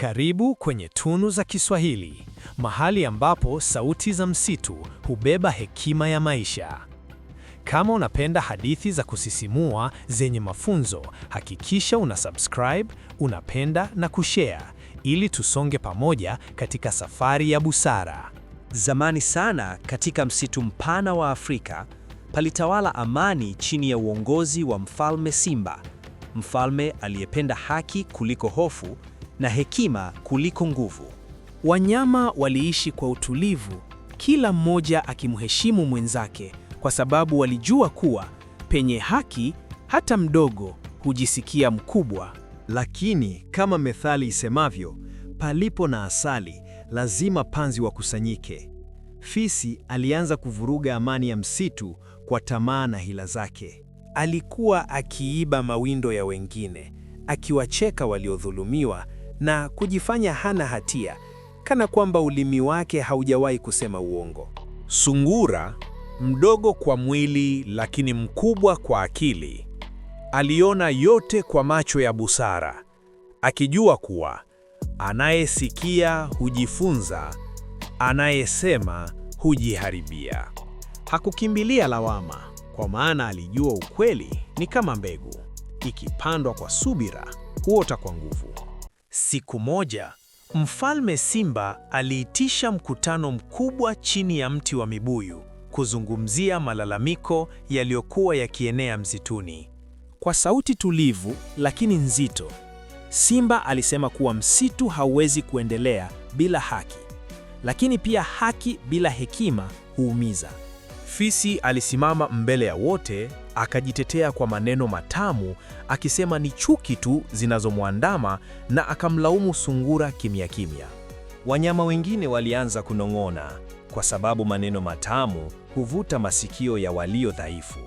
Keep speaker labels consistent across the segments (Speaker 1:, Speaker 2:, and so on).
Speaker 1: Karibu kwenye Tunu za Kiswahili, mahali ambapo sauti za msitu hubeba hekima ya maisha. Kama unapenda hadithi za kusisimua zenye mafunzo, hakikisha una subscribe, unapenda na kushare ili tusonge pamoja katika safari ya busara.
Speaker 2: Zamani sana, katika msitu mpana wa Afrika, palitawala amani chini ya uongozi wa Mfalme Simba, mfalme aliyependa haki kuliko hofu na hekima kuliko nguvu. Wanyama waliishi kwa utulivu, kila mmoja akimheshimu mwenzake, kwa sababu walijua kuwa penye haki hata mdogo hujisikia mkubwa.
Speaker 3: Lakini kama methali isemavyo, palipo na asali lazima panzi wakusanyike. Fisi alianza kuvuruga amani ya msitu kwa tamaa na hila zake. Alikuwa akiiba mawindo ya wengine, akiwacheka waliodhulumiwa na kujifanya hana hatia, kana kwamba ulimi wake haujawahi kusema uongo.
Speaker 4: Sungura, mdogo kwa mwili lakini mkubwa kwa akili, aliona yote kwa macho ya busara, akijua kuwa anayesikia hujifunza, anayesema hujiharibia.
Speaker 5: Hakukimbilia lawama, kwa maana alijua ukweli ni kama mbegu, ikipandwa kwa subira huota kwa nguvu.
Speaker 6: Siku moja, Mfalme Simba aliitisha mkutano mkubwa chini ya mti wa mibuyu kuzungumzia malalamiko yaliyokuwa yakienea msituni.
Speaker 7: Kwa sauti tulivu lakini nzito, Simba alisema kuwa msitu hauwezi kuendelea bila haki, lakini pia haki bila hekima huumiza.
Speaker 8: Fisi alisimama mbele ya wote akajitetea kwa maneno matamu akisema ni chuki tu zinazomwandama na akamlaumu sungura kimya kimya.
Speaker 9: Wanyama wengine walianza kunong'ona kwa sababu maneno matamu huvuta masikio ya walio dhaifu.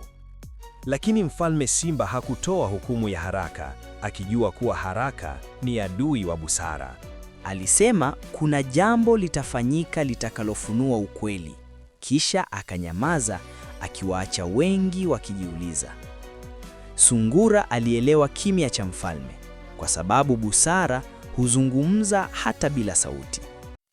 Speaker 9: Lakini Mfalme Simba hakutoa hukumu ya haraka, akijua kuwa haraka ni adui wa busara.
Speaker 10: Alisema kuna jambo litafanyika litakalofunua ukweli, kisha akanyamaza akiwaacha wengi wakijiuliza. Sungura alielewa kimya cha mfalme, kwa sababu busara huzungumza hata bila sauti.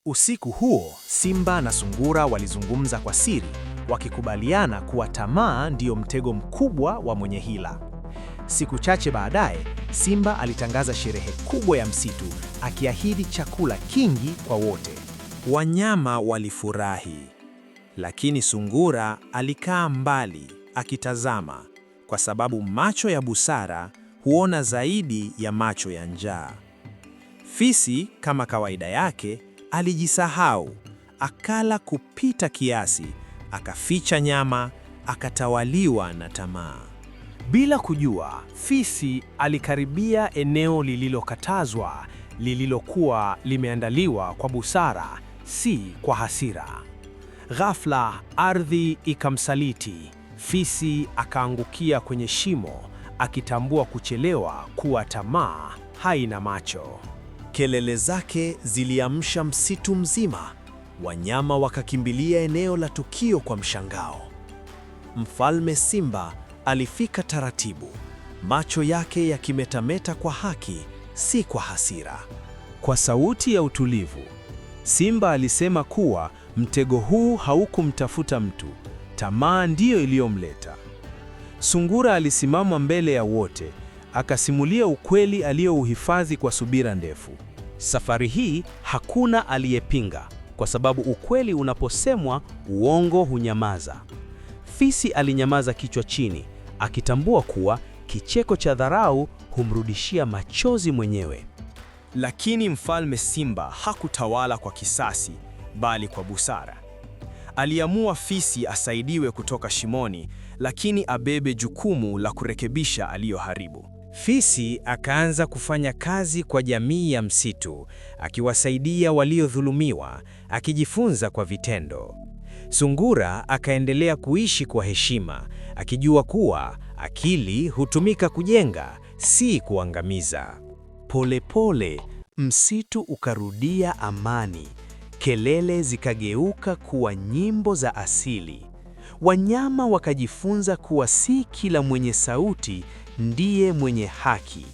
Speaker 11: Usiku huo Simba na Sungura walizungumza kwa siri, wakikubaliana kuwa tamaa ndiyo mtego mkubwa wa mwenye hila. Siku chache baadaye, Simba alitangaza sherehe kubwa ya msitu, akiahidi chakula kingi kwa wote.
Speaker 12: Wanyama walifurahi. Lakini sungura alikaa mbali akitazama, kwa sababu macho ya busara huona zaidi ya macho ya njaa. Fisi kama kawaida yake alijisahau, akala kupita kiasi, akaficha nyama, akatawaliwa na tamaa.
Speaker 13: Bila kujua, fisi alikaribia eneo lililokatazwa, lililokuwa limeandaliwa kwa busara, si kwa hasira. Ghafla ardhi ikamsaliti, fisi akaangukia kwenye shimo, akitambua kuchelewa kuwa tamaa haina macho.
Speaker 14: Kelele zake ziliamsha msitu mzima, wanyama wakakimbilia eneo la tukio kwa mshangao. Mfalme Simba alifika taratibu, macho yake yakimetameta kwa haki, si kwa hasira.
Speaker 15: Kwa sauti ya utulivu Simba alisema kuwa mtego huu haukumtafuta mtu, tamaa ndiyo iliyomleta. Sungura alisimama mbele ya wote, akasimulia ukweli aliyouhifadhi kwa subira ndefu.
Speaker 16: Safari hii hakuna aliyepinga, kwa sababu ukweli unaposemwa uongo hunyamaza. Fisi alinyamaza kichwa chini, akitambua kuwa kicheko cha dharau humrudishia machozi mwenyewe.
Speaker 17: Lakini mfalme Simba hakutawala kwa kisasi, bali kwa busara. Aliamua fisi asaidiwe kutoka shimoni, lakini abebe jukumu la kurekebisha aliyoharibu.
Speaker 18: Fisi akaanza kufanya kazi kwa jamii ya msitu, akiwasaidia waliodhulumiwa, akijifunza kwa vitendo. Sungura akaendelea kuishi kwa heshima, akijua kuwa akili hutumika kujenga, si kuangamiza.
Speaker 19: Polepole pole, Msitu ukarudia amani, kelele zikageuka kuwa nyimbo za asili. Wanyama wakajifunza kuwa si kila mwenye sauti ndiye mwenye haki,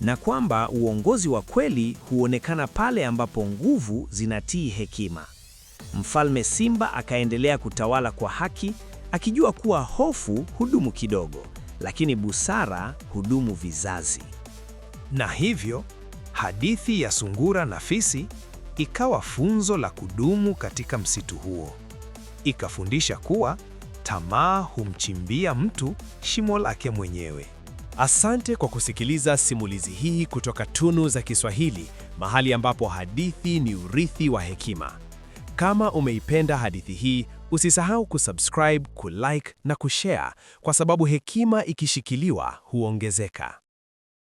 Speaker 19: na kwamba uongozi wa kweli huonekana pale ambapo nguvu zinatii hekima. Mfalme Simba akaendelea kutawala kwa haki, akijua kuwa hofu hudumu kidogo, lakini busara hudumu vizazi.
Speaker 20: Na hivyo Hadithi ya sungura na fisi ikawa funzo la kudumu katika msitu huo. Ikafundisha kuwa tamaa humchimbia mtu shimo lake mwenyewe.
Speaker 1: Asante kwa kusikiliza simulizi hii kutoka Tunu za Kiswahili, mahali ambapo hadithi ni urithi wa hekima. Kama umeipenda hadithi hii, usisahau kusubscribe, kulike na kushare kwa sababu hekima ikishikiliwa huongezeka.